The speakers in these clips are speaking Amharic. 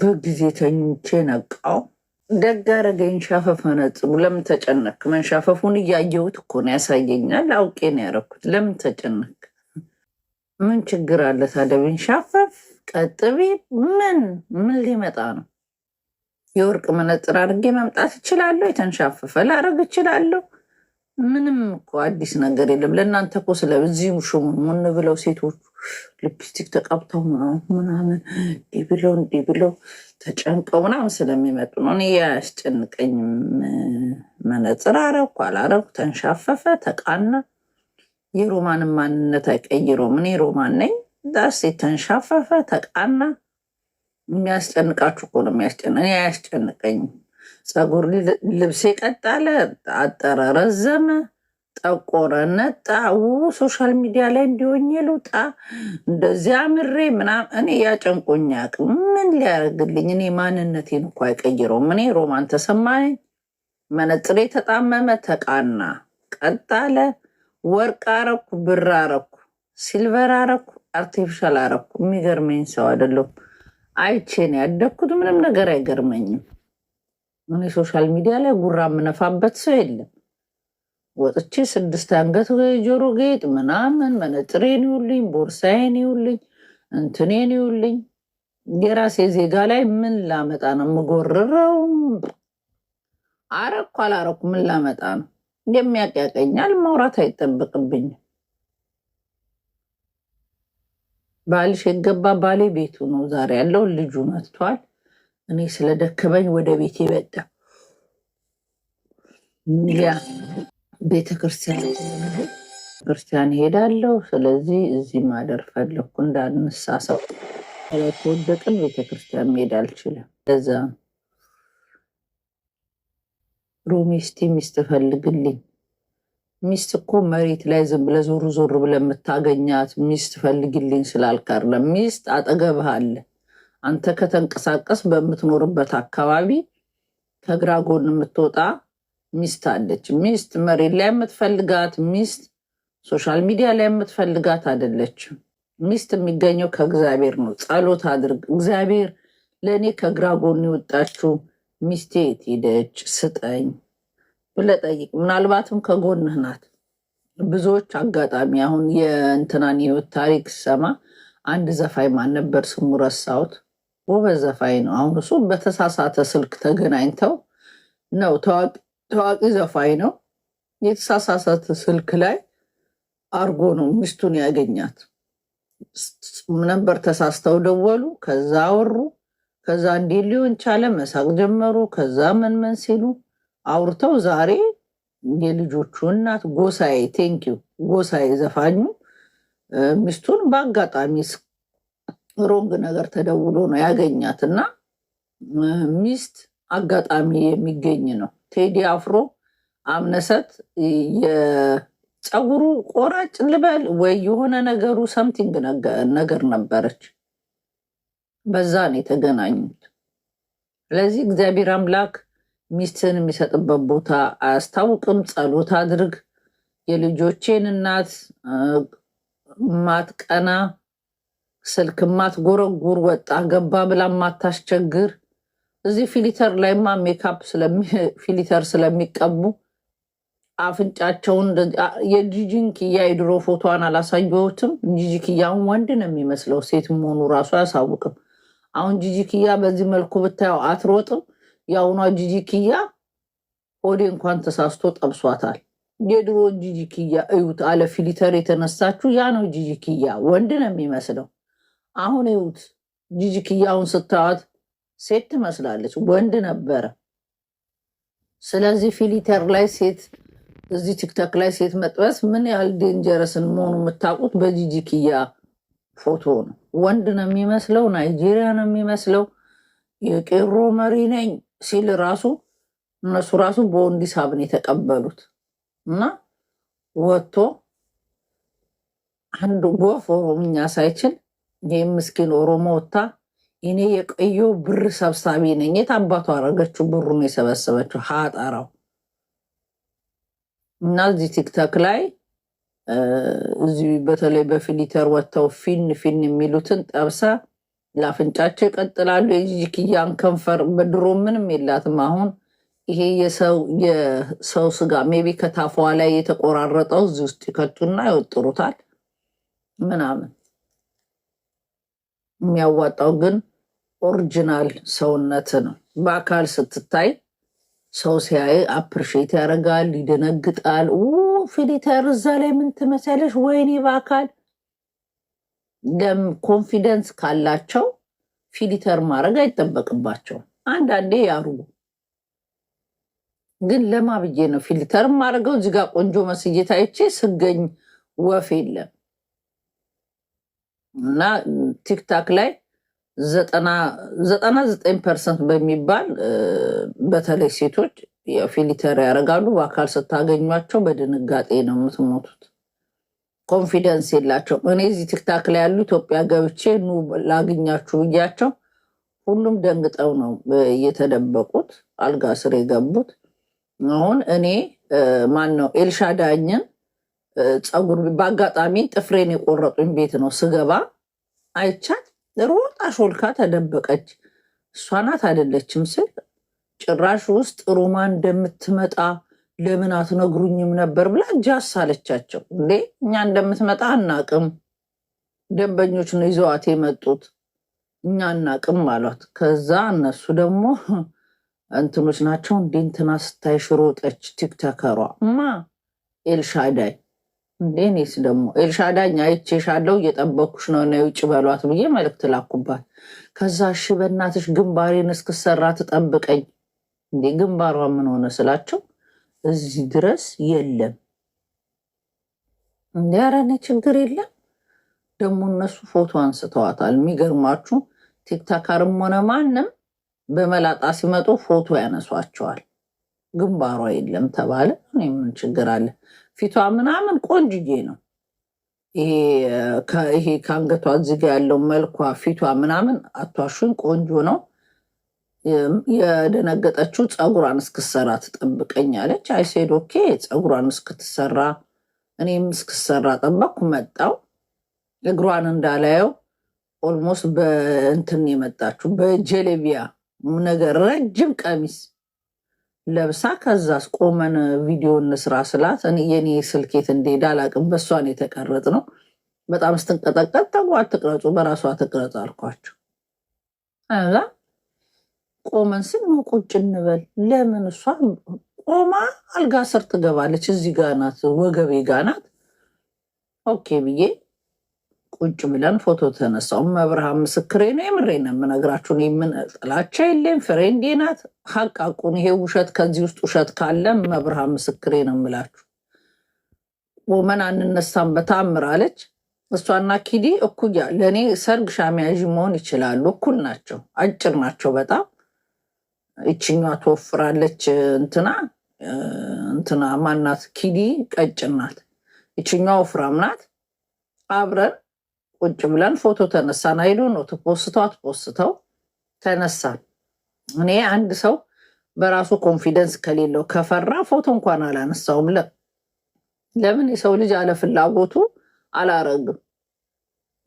በጊዜ ተኝቼ ነቃው። ደግ አደረገኝ ሻፈፈ ነጽቡ። ለምን ተጨነክ? መንሻፈፉን እያየሁት እኮ ነው ያሳየኛል። አውቄ ነው ያደረኩት። ለምን ተጨነክ? ምን ችግር አለ ታዲያ? ቢንሻፈፍ ቀጥቤ ምን ምን ሊመጣ ነው? የወርቅ መነጽር አድርጌ መምጣት እችላለሁ። የተንሻፈፈ ላረግ እችላለሁ። ምንም እኮ አዲስ ነገር የለም። ለእናንተ እኮ ስለዚህ ሙሹም ምን ብለው ሴቶቹ ልፕስቲክ ተቀብተው ምናምን እንዲህ ብለው እንዲህ ብለው ተጨንቀው ምናምን ስለሚመጡ ነው። እኔ ያስጨንቀኝም። መነፅር አረኩ አላረኩ፣ ተንሻፈፈ ተቃና፣ የሮማን ማንነት አይቀይረውም። እኔ ሮማን ነኝ። ዳስ ተንሻፈፈ ተቃና። የሚያስጨንቃችሁ እኮ ነው የሚያስጨንቀኝ። እኔ አያስጨንቀኝም። ፀጉር ልብሴ ቀጣለ፣ አጠረ፣ ረዘመ፣ ጠቆረ፣ ነጣ። ሶሻል ሚዲያ ላይ እንዲሆኝ ልውጣ እንደዚያ ምሬ ምናምን እኔ ያጨንቆኛ ምን ሊያደርግልኝ? እኔ ማንነቴን እኮ አይቀይረውም። እኔ ሮማን ተሰማኝ፣ መነጽሬ የተጣመመ ተቃና፣ ቀጣለ፣ ወርቅ አረኩ፣ ብር አረኩ፣ ሲልቨር አረኩ፣ አርቲፊሻል አረኩ። የሚገርመኝ ሰው አይደለም። አይቼን ያደግኩት ምንም ነገር አይገርመኝም። እኔ ሶሻል ሚዲያ ላይ ጉራ የምነፋበት ሰው የለም። ወጥቼ ስድስት አንገት ጆሮ ጌጥ ምናምን መነጥሬን ይውልኝ፣ ቦርሳዬን ይውልኝ፣ እንትኔን ይውልኝ። የራሴ ዜጋ ላይ ምን ላመጣ ነው የምጎርረው? አረኩ አላረኩ ምን ላመጣ ነው? እንደሚያውቅ መውራት ማውራት አይጠበቅብኝም። ባልሽ የገባ ባሌ ቤቱ ነው። ዛሬ ያለው ልጁ መጥቷል። እኔ ስለደከመኝ ወደ ቤቴ በጣ ያ ቤተ ክርስቲያን ክርስቲያን ሄዳለሁ። ስለዚህ እዚህ ማደር ፈለግኩ እንዳንሳ ሰው ከወደቅን ቤተ ክርስቲያን መሄድ አልችልም። ለዛ ሮሚስቲ እስቲ ሚስት ፈልግልኝ። ሚስት እኮ መሬት ላይ ዝም ብለህ ዞር ዞር ብለህ የምታገኛት ሚስት ፈልግልኝ ስላልካርለ ሚስት አጠገብህ አለ አንተ ከተንቀሳቀስ በምትኖርበት አካባቢ ከግራ ጎን የምትወጣ ሚስት አለች። ሚስት መሬት ላይ የምትፈልጋት ሚስት ሶሻል ሚዲያ ላይ የምትፈልጋት አይደለችም። ሚስት የሚገኘው ከእግዚአብሔር ነው። ጸሎት አድርግ። እግዚአብሔር ለእኔ ከግራ ጎን የወጣችው ሚስቴ የት ሄደች ስጠኝ ብለህ ጠይቅ። ምናልባትም ከጎንህ ናት። ብዙዎች አጋጣሚ አሁን የእንትናን የህይወት ታሪክ ሰማ አንድ ዘፋኝ ማን ነበር ስሙ ረሳሁት ጎበዝ ዘፋኝ ነው። አሁን እሱ በተሳሳተ ስልክ ተገናኝተው ነው። ታዋቂ ዘፋኝ ነው። የተሳሳሳተ ስልክ ላይ አርጎ ነው ሚስቱን ያገኛት ነበር። ተሳስተው ደወሉ፣ ከዛ አወሩ፣ ከዛ እንዲህ ሊሆን ቻለ፣ መሳቅ ጀመሩ። ከዛ ምን ምን ሲሉ አውርተው ዛሬ የልጆቹ እናት ጎሳዬ ቴንኪው ጎሳዬ ዘፋኙ ሚስቱን በአጋጣሚ ሮንግ ነገር ተደውሎ ነው ያገኛት እና ሚስት አጋጣሚ የሚገኝ ነው። ቴዲ አፍሮ አምነሰት የፀጉሩ ቆራጭ ልበል ወይ የሆነ ነገሩ ሰምቲንግ ነገር ነበረች። በዛ ነው የተገናኙት። ስለዚህ እግዚአብሔር አምላክ ሚስትን የሚሰጥበት ቦታ አያስታውቅም። ጸሎት አድርግ። የልጆቼን እናት ማትቀና ስልክ ማትጎረጉር ወጣ ገባ ብላ ማታስቸግር። እዚህ ፊሊተር ላይማ ሜካፕ ፊሊተር ስለሚቀቡ አፍንጫቸውን የጂጂን ኪያ የድሮ ፎቶዋን አላሳየሁትም። ጂጂ ወንድ ነው የሚመስለው፣ ሴት መሆኑ ራሱ አያሳውቅም። አሁን ጂጂ በዚህ መልኩ ብታየው አትሮጥም። የአሁኗ ጂጂ ኪያ ሆዴ እንኳን ተሳስቶ ጠብሷታል። የድሮ ጂጂ ኪያ እዩት፣ አለ ፊሊተር የተነሳችሁ ያ ነው ጂጂ ወንድ ነው የሚመስለው። አሁን ይሁት ጂጂክያውን ስታዋት ሴት ትመስላለች፣ ወንድ ነበረ። ስለዚህ ፊሊተር ላይ ሴት እዚህ ቲክቶክ ላይ ሴት መጥበስ ምን ያህል ዴንጀረስን መሆኑ የምታውቁት በጂጂክያ ፎቶ ነው። ወንድ ነው የሚመስለው፣ ናይጄሪያ ነው የሚመስለው። የቄሮ መሪ ነኝ ሲል ራሱ እነሱ ራሱ በወንድ ሳብን የተቀበሉት እና ወጥቶ አንዱ ጎፎ ኦሮምኛ ሳይችል ይህም ምስኪን ኦሮሞ ወታ እኔ የቀዮ ብር ሰብሳቢ ነኝ። የት አባቱ አረገችው? ነው የሰበሰበችው ሀጠራው እና እዚህ ቲክቶክ ላይ እዚህ በተለይ በፊሊተር ወጥተው ፊን ፊን የሚሉትን ጠብሳ ላፍንጫቸው ይቀጥላሉ። የጂጂ ከንፈር በድሮ ምንም የላትም። አሁን ይሄ የሰው ስጋ ሜቢ ከታፏ ላይ የተቆራረጠው እዚህ ውስጥ ይከቱና ይወጥሩታል ምናምን የሚያዋጣው ግን ኦሪጂናል ሰውነት ነው። በአካል ስትታይ ሰው ሲያይ አፕርሼት ያደርጋል፣ ይደነግጣል። ፊሊተር እዛ ላይ ምን ትመሰለሽ? ወይኔ በአካል ኮንፊደንስ ካላቸው ፊሊተር ማድረግ አይጠበቅባቸውም። አንዳንዴ ያርጉ። ግን ለማ ብዬ ነው ፊልተር ማድረገው? እዚጋ ቆንጆ መስዬ ታይቼ ስገኝ ወፍ የለም እና ቲክታክ ላይ ዘጠና ዘጠኝ ፐርሰንት በሚባል በተለይ ሴቶች ፊሊተር ያደርጋሉ። በአካል ስታገኟቸው በድንጋጤ ነው የምትሞቱት። ኮንፊደንስ የላቸውም። እኔ እዚህ ቲክታክ ላይ ያሉ ኢትዮጵያ ገብቼ ኑ ላግኛችሁ ብያቸው ሁሉም ደንግጠው ነው እየተደበቁት አልጋ ስር የገቡት። አሁን እኔ ማን ነው ኤልሻዳኝን ፀጉር በአጋጣሚ ጥፍሬን የቆረጡኝ ቤት ነው ስገባ አይቻት ሮጣ ሾልካ ተደበቀች። እሷ ናት አይደለችም ስል ጭራሽ ውስጥ ሮማ እንደምትመጣ ለምን አትነግሩኝም ነበር ብላ ጃስ አለቻቸው። እንዴ እኛ እንደምትመጣ አናቅም፣ ደንበኞች ነው ይዘዋት የመጡት እኛ አናቅም አሏት። ከዛ እነሱ ደግሞ እንትኖች ናቸው እንዴ እንትና ስታይ ሽሮጠች ቲክተከሯ እማ ኤልሻዳይ እንዴ እኔስ ደግሞ ኤልሻዳኝ አይቼሻለሁ እየጠበኩሽ ነው ነ ውጭ በሏት ብዬ መልእክት ላኩባት። ከዛ እሺ በእናትሽ ግንባሬን እስክሰራ ትጠብቀኝ እንዴ ግንባሯ ምን ሆነ ስላቸው እዚህ ድረስ የለም እንዲ ያረኔ ችግር የለም። ደግሞ እነሱ ፎቶ አንስተዋታል። የሚገርማችሁ ቲክታካርም ሆነ ማንም በመላጣ ሲመጡ ፎቶ ያነሷቸዋል። ግንባሯ የለም ተባለ። እኔ ምን ችግር አለ? ፊቷ ምናምን ቆንጅዬ ነው። ይሄ ከአንገቷ እዚህ ያለው መልኳ ፊቷ ምናምን አቷሹን ቆንጆ ነው። የደነገጠችው ፀጉሯን እስክሰራ ትጠብቀኛለች። አይሴድ ኦኬ። ፀጉሯን እስክትሰራ እኔም እስክሰራ ጠበቅኩ። መጣው እግሯን እንዳላየው ኦልሞስት በእንትን የመጣችው በጀሌቢያ ነገር ረጅም ቀሚስ ለብሳ ከዛስ ቆመን ቪዲዮ እንስራ ስላት የኔ ስልኬት እንደሄደ አላቅም። በእሷን የተቀረጥ ነው። በጣም ስትንቀጠቀጥ ተው አትቅረጹ፣ በራሷ ትቅረጽ አልኳቸው። እዛ ቆመን ስን ቁጭ እንበል ለምን እሷ ቆማ አልጋ ስር ትገባለች። እዚህ ጋናት፣ ወገቤ ጋናት። ኦኬ ብዬ ቁጭ ብለን ፎቶ ተነሳውም አብርሃም ምስክሬ ነው። የምሬ ነው የምነግራችሁን። ጥላቻ የለም ፍሬንዴ ናት። ሀቅ ይሄ ውሸት ከዚህ ውስጥ ውሸት ካለ አብርሃም ምስክሬ ነው የምላችሁ። ወመን አንነሳም በታምር አለች። እሷና ኪዲ እኩያ ለእኔ ሰርግ ሻሚያዥ መሆን ይችላሉ። እኩል ናቸው፣ አጭር ናቸው በጣም ይችኛዋ ትወፍራለች። እንትና እንትና ማናት ኪዲ ቀጭን ናት። ይችኛዋ ወፍራም ናት። አብረን ቁጭ ብለን ፎቶ ተነሳን። አይዶ ነው ትፖስተው አትፖስተው ተነሳን። እኔ አንድ ሰው በራሱ ኮንፊደንስ ከሌለው ከፈራ ፎቶ እንኳን አላነሳውም። ለምን የሰው ልጅ አለፍላጎቱ አላረግም።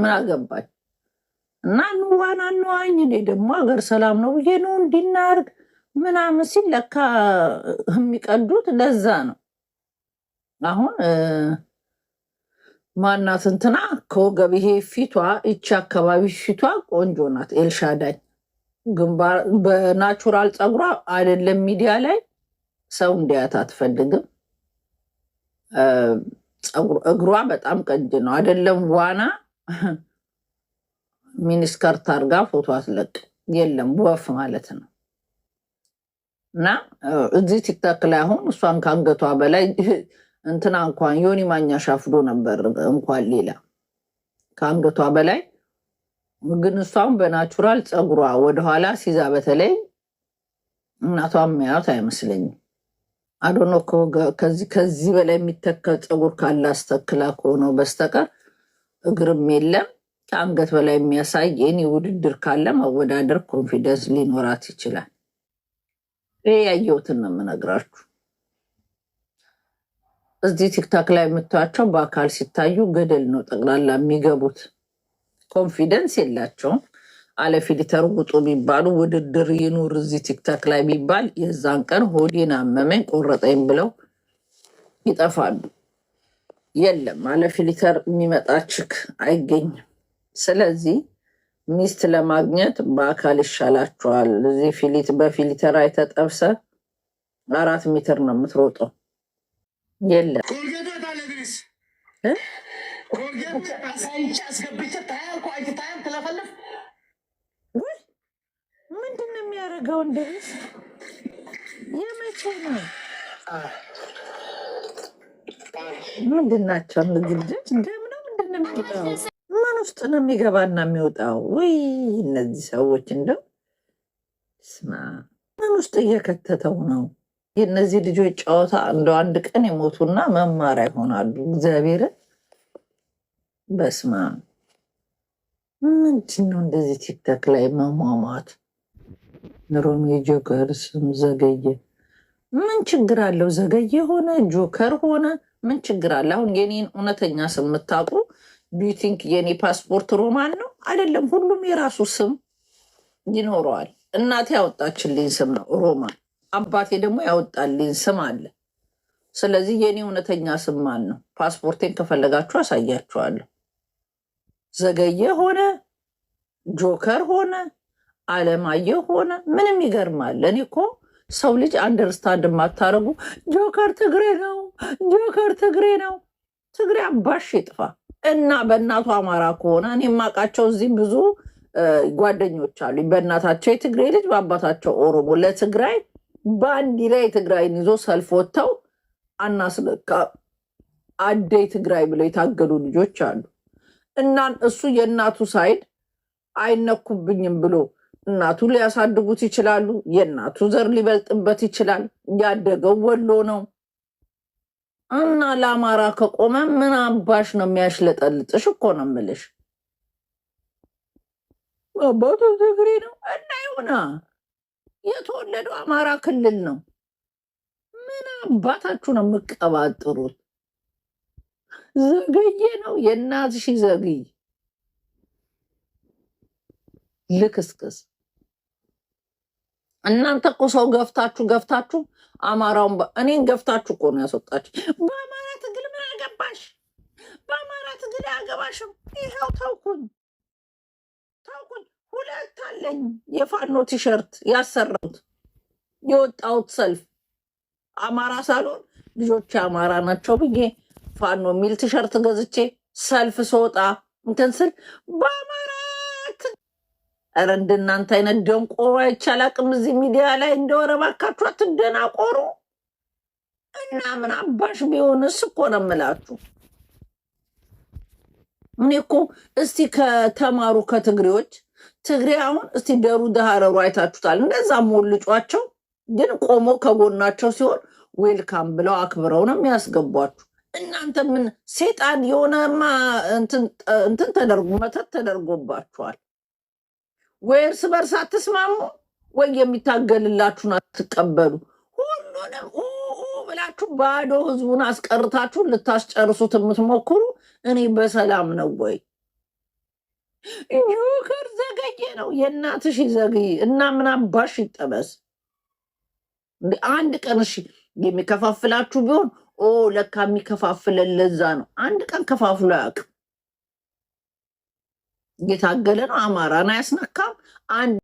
ምን አገባኝ እና እንዋና እንዋኝ። እኔ ደግሞ ሀገር ሰላም ነው ብዬ ነው እንዲናርግ ምናምን ሲል ለካ የሚቀዱት ለዛ ነው አሁን ማናት እንትና ከወገብ ፊቷ እቺ አካባቢ ፊቷ ቆንጆ ናት። ኤልሻዳይ በናቹራል ፀጉሯ አይደለም ሚዲያ ላይ ሰው እንዲያት አትፈልግም። እግሯ በጣም ቀንድ ነው። አይደለም ዋና ሚኒስከርት አርጋ ፎቶ አትለቅ የለም ወፍ ማለት ነው። እና እዚህ ቲክታክ ላይ አሁን እሷን ከአንገቷ በላይ እንትና እንኳን ዮኒ ማኛ ሻፍዶ ነበር እንኳን ሌላ ከአንገቷ በላይ ግን እሷም በናቹራል ፀጉሯ ወደኋላ ሲዛ በተለይ እናቷ የሚያዩት አይመስለኝም። አዶኖ ከዚህ በላይ የሚተከል ፀጉር ካላስተክላ ከሆነ በስተቀር እግርም የለም። ከአንገት በላይ የሚያሳይ የኔ ውድድር ካለ መወዳደር ኮንፊደንስ ሊኖራት ይችላል። ይህ ያየሁትን ነው የምነግራችሁ። እዚህ ቲክታክ ላይ የምታዩቸው በአካል ሲታዩ ገደል ነው ጠቅላላ የሚገቡት። ኮንፊደንስ የላቸውም። አለፊልተሩ ውጡ የሚባሉ ውድድር ይኑር እዚህ ቲክታክ ላይ የሚባል የዛን ቀን ሆዴን አመመኝ ቆረጠኝ ብለው ይጠፋሉ። የለም አለፊልተር የሚመጣ ችክ አይገኝም። ስለዚህ ሚስት ለማግኘት በአካል ይሻላቸዋል። እዚህ በፊሊተር አይተጠብሰ አራት ሜትር ነው የምትሮጠው። የለም ምንድን ነው የሚያደርገው? እንደዚህ የመቼ ነው? ምንድን ናቸው እነዚህ ልጆች? ደም ነው ምንድን ነው ምን ውስጥ ነው የሚገባና የሚወጣው? እነዚህ ሰዎች እንደው ስማ፣ ምን ውስጥ እየከተተው ነው? የእነዚህ ልጆች ጨዋታ እንደ አንድ ቀን የሞቱና መማሪያ ይሆናሉ። እግዚአብሔርን በስማ ምንድን ነው እንደዚህ ቲክታክ ላይ መሟሟት? ሮሚ ጆከር ስም ዘገየ። ምን ችግር አለው? ዘገየ ሆነ ጆከር ሆነ ምን ችግር አለ? አሁን የኔን እውነተኛ ስም የምታውቁ ቢዩቲንክ የኔ ፓስፖርት ሮማን ነው አይደለም። ሁሉም የራሱ ስም ይኖረዋል። እናቴ ያወጣችልኝ ስም ነው ሮማን አባቴ ደግሞ ያወጣልኝ ስም አለ። ስለዚህ የኔ እውነተኛ ስም ማን ነው? ፓስፖርቴን ከፈለጋችሁ አሳያችኋለሁ። ዘገየ ሆነ ጆከር ሆነ አለማየሁ ሆነ ምንም ይገርማል። እኔ እኮ ሰው ልጅ አንደርስታንድ የማታረጉ ጆከር ትግሬ ነው፣ ጆከር ትግሬ ነው። ትግሬ አባሽ ይጥፋ እና በእናቱ አማራ ከሆነ እኔ የማውቃቸው እዚህም ብዙ ጓደኞች አሉ። በእናታቸው የትግሬ ልጅ በአባታቸው ኦሮሞ ለትግራይ ባንዲራ የትግራይን ይዞ ሰልፍ ወጥተው አናስለካ አደይ ትግራይ ብለው የታገዱ ልጆች አሉ። እና እሱ የእናቱ ሳይድ አይነኩብኝም ብሎ እናቱ ሊያሳድጉት ይችላሉ። የእናቱ ዘር ሊበልጥበት ይችላል። ያደገው ወሎ ነው እና ለአማራ ከቆመ ምን አባሽ ነው የሚያሽለጠልጥሽ? እኮ ነው የምልሽ። አባቱ ትግሬ ነው እና ይሆና የተወለደው አማራ ክልል ነው። ምን አባታችሁ ነው የምቀባጥሩት? ዘገየ ነው የእናትሽ ዘግይ ልክስክስ። እናንተ እኮ ሰው ገፍታችሁ ገፍታችሁ አማራውን እኔን ገፍታችሁ እኮ ነው ያስወጣችሁ። በአማራ ትግል ምን አገባሽ? በአማራ ትግል አያገባሽም። ይኸው ተውኩኝ ተውኩኝ። የለኝም። የፋኖ ቲሸርት ያሰራሁት የወጣሁት ሰልፍ አማራ ሳልሆን ልጆች አማራ ናቸው ብዬ ፋኖ የሚል ቲሸርት ገዝቼ ሰልፍ ስወጣ እንትን ስል በአማራ ኧረ እንደናንተ አይነት ደንቆሮ አይቻላቅም። እዚህ ሚዲያ ላይ እንደወረ ባካችሁ አትደናቆሩ። እና ምን አባሽ ቢሆንስ እኮ ነው የምላችሁ። እኔ እኮ እስቲ ከተማሩ ከትግሬዎች ትግሬ አሁን እስቲ ደሩ ደሃረሩ አይታችሁታል። እንደዛ ሞልጯቸው፣ ግን ቆሞ ከጎናቸው ሲሆን ዌልካም ብለው አክብረው ነው የሚያስገቧችሁ። እናንተ ምን ሴጣን የሆነማ እንትን ተደርጎ መተት ተደርጎባችኋል ወይ? እርስ በርስ አትስማሙ ወይ? የሚታገልላችሁን አትቀበሉ። ሁሉንም ብላችሁ ባዶ ህዝቡን አስቀርታችሁ ልታስጨርሱት የምትሞክሩ እኔ በሰላም ነው ወይ ጆከር ነው የእናትሽ ይዘግይ እና ምን አባሽ ይጠበስ። አንድ ቀን እሺ የሚከፋፍላችሁ ቢሆን ኦ ለካ የሚከፋፍለን ለዛ ነው። አንድ ቀን ከፋፍሎ አያውቅም። የታገለ ነው። አማራን አያስነካም።